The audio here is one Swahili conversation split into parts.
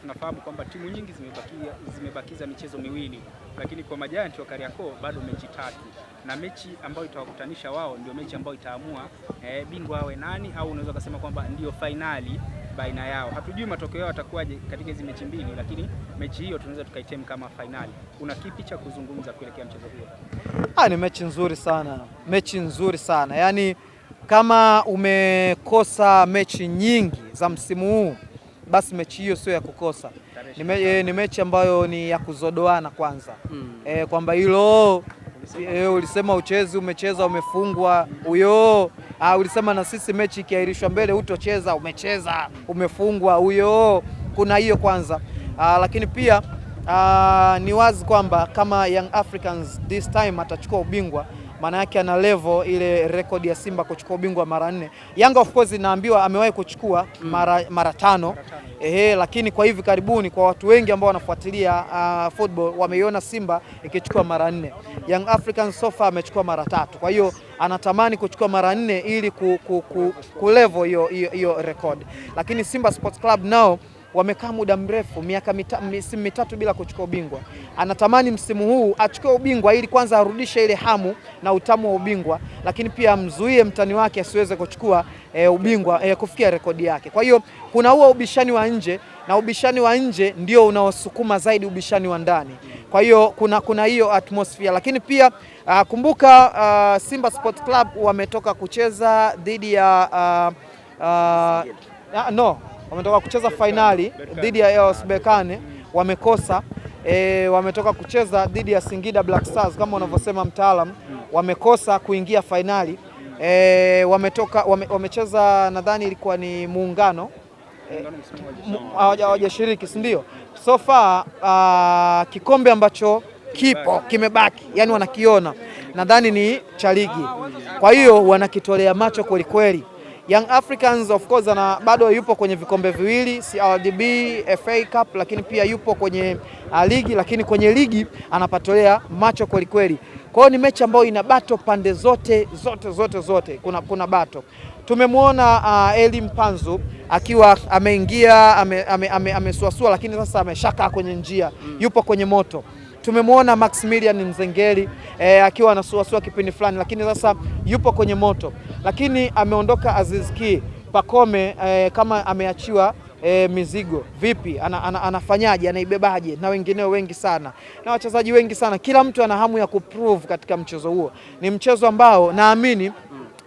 tunafahamu kwamba timu nyingi zimebakia, zimebakiza michezo miwili, lakini kwa majanti wa Kariakoo bado mechi tatu, na mechi ambayo itawakutanisha wao ndio mechi ambayo itaamua eh, bingwa awe nani, au unaweza kusema kwamba ndio fainali baina yao. Hatujui matokeo yao atakuwaje katika hizi mechi mbili, lakini mechi hiyo tunaweza tukaitem kama fainali. Una kipi cha kuzungumza kuelekea mchezo huo? Ah, ni mechi nzuri sana, mechi nzuri sana yaani, kama umekosa mechi nyingi za msimu huu basi mechi hiyo sio ya kukosa. Ni, me, e, ni mechi ambayo ni ya kuzodoana kwanza mm. E, kwamba hilo e, ulisema uchezi, umecheza umefungwa huyo. Ah, ulisema na sisi mechi ikiahirishwa mbele utocheza, umecheza umefungwa huyo. Kuna hiyo kwanza a, ah, lakini pia a, ah, ni wazi kwamba kama Young Africans this time atachukua ubingwa maana yake ana level ile rekodi ya Simba kuchukua ubingwa mara nne. Yanga of course inaambiwa amewahi kuchukua mm. mara, mara tano, mara tano. Ehe, lakini kwa hivi karibuni kwa watu wengi ambao wanafuatilia uh, football wameiona Simba ikichukua mara nne. Young Africans sofa amechukua mara tatu, kwa hiyo anatamani kuchukua mara nne ili ku, ku, ku, ku level hiyo hiyo rekodi, lakini Simba Sports Club nao wamekaa muda mrefu, miaka mita, misimu mitatu bila kuchukua ubingwa. Anatamani msimu huu achukue ubingwa ili kwanza arudishe ile hamu na utamu wa ubingwa, lakini pia amzuie mtani wake asiweze kuchukua e, ubingwa e, kufikia rekodi yake. Kwa hiyo kuna huo ubishani wa nje na ubishani wa nje ndio unaosukuma zaidi ubishani wa ndani. Kwa hiyo kuna kuna hiyo atmosphere, lakini pia a, ah, kumbuka a, ah, Simba Sport Club wametoka kucheza dhidi ya a, ah, a, no wametoka kucheza fainali dhidi ya EOS Berkane wamekosa e, wametoka kucheza dhidi ya Singida Black Stars kama unavyosema mtaalam, wamekosa kuingia fainali e, wametoka wame, wamecheza nadhani ilikuwa ni muungano e, hawajashiriki si ndio? So far uh, kikombe ambacho kipo kimebaki, yani wanakiona nadhani ni cha ligi, kwa hiyo wanakitolea macho kwelikweli. Young Africans of course ana bado yupo kwenye vikombe viwili CRDB, FA Cup, lakini pia yupo kwenye uh, ligi, lakini kwenye ligi anapatolea macho kweli kweli. Kwa hiyo ni mechi ambayo ina bato pande zote zote zote zote, kuna, kuna bato. Tumemwona uh, Eli Mpanzu akiwa ameingia amesuasua ame, ame, ame, lakini sasa ameshaka kwenye njia, mm. yupo kwenye moto. Tumemwona Maximilian Mzengeli e, eh, akiwa anasuasua kipindi fulani, lakini sasa yupo kwenye moto, lakini ameondoka Aziz Ki Pakome e, kama ameachiwa E, mizigo vipi? Ana, ana, anafanyaje? Anaibebaje? na wengineo wengi sana na wachezaji wengi sana, kila mtu ana hamu ya kuprove katika mchezo huo. Ni mchezo ambao naamini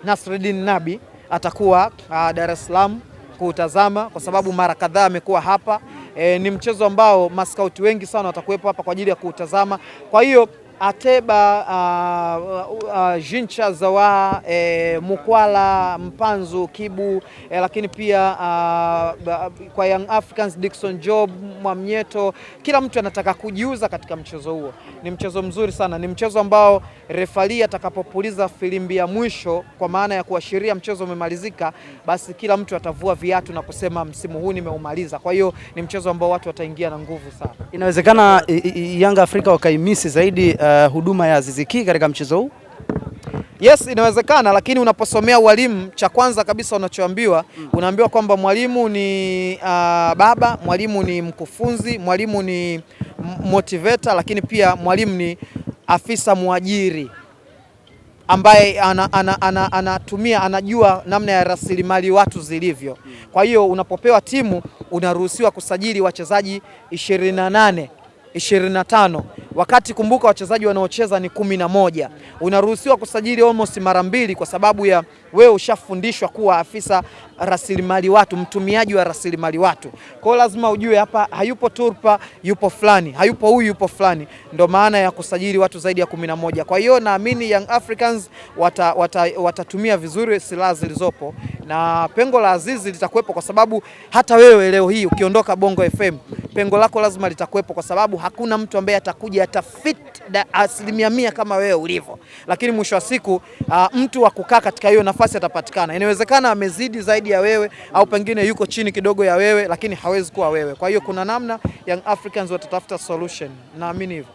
Nasreddin Nabi atakuwa ah, Dar es Salaam kuutazama, kwa sababu mara kadhaa amekuwa hapa E, ni mchezo ambao maskauti wengi sana watakuwepo hapa kwa ajili ya kuutazama. Kwa hiyo Ateba uh, uh, Jincha Zawa eh, Mukwala Mpanzu Kibu eh, lakini pia uh, kwa Young Africans Dickson Job Mwamnyeto, kila mtu anataka kujiuza katika mchezo huo. Ni mchezo mzuri sana, ni mchezo ambao refali atakapopuliza filimbi ya mwisho kwa maana ya kuashiria mchezo umemalizika, basi kila mtu atavua viatu na kusema msimu huu nimeumaliza. Kwa hiyo ni mchezo ambao watu wataingia na nguvu sana. Inawezekana Yanga Afrika wakaimisi zaidi uh, Eh, huduma ya Aziz katika mchezo huu? Yes, inawezekana, lakini unaposomea ualimu, cha kwanza kabisa unachoambiwa mm. unaambiwa kwamba mwalimu ni uh, baba, mwalimu ni mkufunzi, mwalimu ni motivator, lakini pia mwalimu ni afisa mwajiri ambaye anatumia ana, ana, ana, ana anajua namna ya rasilimali watu zilivyo. Kwa hiyo unapopewa timu unaruhusiwa kusajili wachezaji 28 25 wakati kumbuka, wachezaji wanaocheza ni kumi na moja. Unaruhusiwa kusajili almost mara mbili, kwa sababu ya wewe ushafundishwa kuwa afisa rasilimali watu, mtumiaji wa rasilimali watu. Kwa hiyo lazima ujue hapa hayupo Turpa, yupo fulani, hayupo huyu, yupo fulani. Ndio maana ya kusajili watu zaidi ya kumi na moja. Kwa hiyo naamini Young Africans watatumia wata, wata vizuri silaha zilizopo na pengo la Azizi litakuwepo kwa sababu hata wewe leo hii ukiondoka Bongo FM pengo lako lazima litakuwepo kwa sababu hakuna mtu ambaye atakuja atafiti asilimia mia kama wewe ulivyo, lakini mwisho wa siku uh, mtu wa kukaa katika hiyo nafasi atapatikana. Inawezekana amezidi zaidi ya wewe au pengine yuko chini kidogo ya wewe, lakini hawezi kuwa wewe. Kwa hiyo kuna namna Young Africans watatafuta solution, naamini hivyo.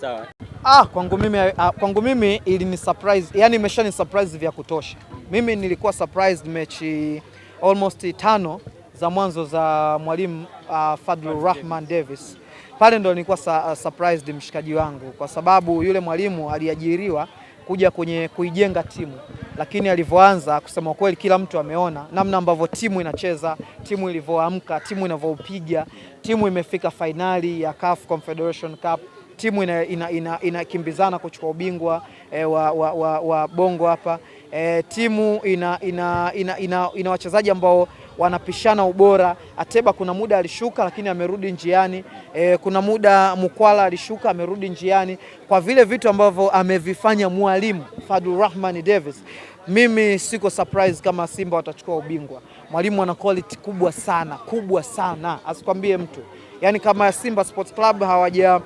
Sawa. Ah, kwangu mimi, ah, kwangu mimi ni surprise, yani imesha ni surprise vya kutosha. Mimi nilikuwa surprised mechi almost tano za mwanzo za mwalimu uh, Fadlu Rahman Davis pale ndo nilikuwa sa, uh, surprised mshikaji wangu, kwa sababu yule mwalimu aliajiriwa kuja kwenye kuijenga timu, lakini alivyoanza, kusema kweli, kila mtu ameona namna ambavyo timu inacheza, timu ilivyoamka, timu inavyoupiga, timu imefika fainali ya CAF Confederation Cup timu inakimbizana ina, ina, ina kuchukua ubingwa e, wa, wa, wa, wa bongo hapa e, timu ina, ina, ina, ina, ina wachezaji ambao wanapishana ubora. Ateba kuna muda alishuka lakini amerudi njiani e, kuna muda Mkwala alishuka amerudi njiani, kwa vile vitu ambavyo amevifanya mwalimu Fadlu Rahman Davis. Mimi siko surprise kama Simba watachukua ubingwa. Mwalimu ana quality kubwa sana kubwa sana, asikwambie mtu. yani kama Simba Sports Club hawaja uh,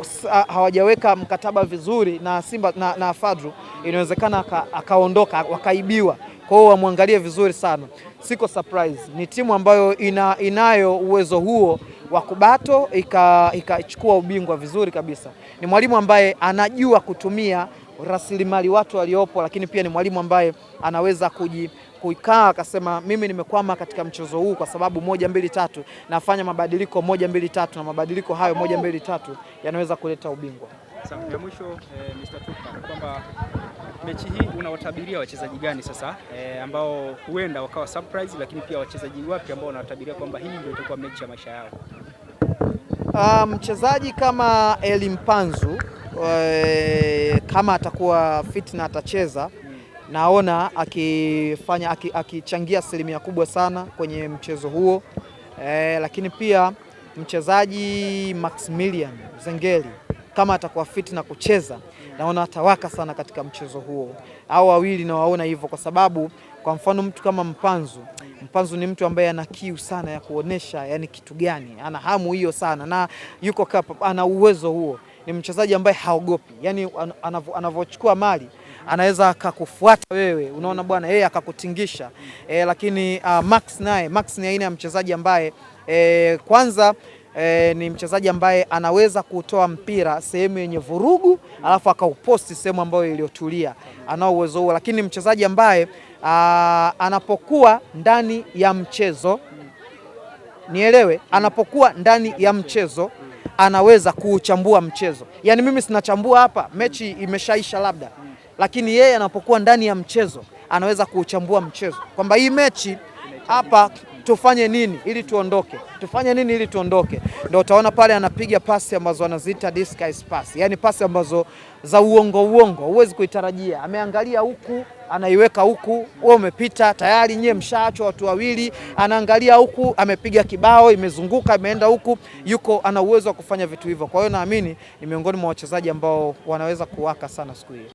uh, hawajaweka mkataba vizuri na Simba na, na Fadlu inawezekana akaondoka wakaibiwa. Kwa hiyo wamwangalie vizuri sana. Siko surprise, ni timu ambayo ina, inayo uwezo huo wa kubato ikachukua ubingwa vizuri kabisa. Ni mwalimu ambaye anajua kutumia rasilimali watu waliopo, lakini pia ni mwalimu ambaye anaweza kuji kuikaa akasema mimi nimekwama katika mchezo huu kwa sababu moja mbili tatu, nafanya mabadiliko moja mbili tatu, na mabadiliko hayo moja mbili tatu yanaweza kuleta ubingwa ya mwisho eh, Mr. Tupa kwamba mechi hii unawatabiria wachezaji gani sasa eh, ambao huenda wakawa surprise, lakini pia wachezaji wapi ambao wanawatabiria kwamba hii ndio itakuwa mechi ya maisha yao? Ah, mchezaji um, kama Eli Mpanzu eh, kama atakuwa fit na atacheza hmm. naona akifanya akichangia asilimia kubwa sana kwenye mchezo huo e, lakini pia mchezaji Maximilian Zengeli kama atakuwa fit na kucheza, naona atawaka sana katika mchezo huo. Hao wawili nawaona hivyo, kwa sababu kwa mfano mtu kama Mpanzu, Mpanzu ni mtu ambaye ana kiu sana ya kuonesha yani kitu gani, ana hamu hiyo sana na yuko kapa, ana uwezo huo. Ni mchezaji ambaye haogopi, yani anavyochukua mali anaweza akakufuata wewe, unaona bwana, yeye akakutingisha e, lakini uh, Max naye Max ni aina ya mchezaji ambaye e, kwanza E, ni mchezaji ambaye anaweza kutoa mpira sehemu yenye vurugu alafu akauposti sehemu ambayo iliyotulia, anao uwezo huo, lakini mchezaji ambaye a, anapokuwa ndani ya mchezo, nielewe, anapokuwa ndani ya mchezo anaweza kuuchambua mchezo. Yaani mimi sinachambua hapa, mechi imeshaisha labda, lakini yeye anapokuwa ndani ya mchezo anaweza kuuchambua mchezo kwamba hii mechi hapa tufanye nini ili tuondoke, tufanye nini ili tuondoke. Ndio utaona pale anapiga pasi ambazo anaziita disguise pass, yani pasi ambazo za uongo uongo, huwezi kuitarajia. Ameangalia huku anaiweka huku, wewe umepita tayari, nyewe mshaachwa watu wawili, anaangalia huku, amepiga kibao, imezunguka imeenda huku, yuko ana uwezo wa kufanya vitu hivyo. Kwa hiyo naamini ni miongoni mwa wachezaji ambao wanaweza kuwaka sana siku hii.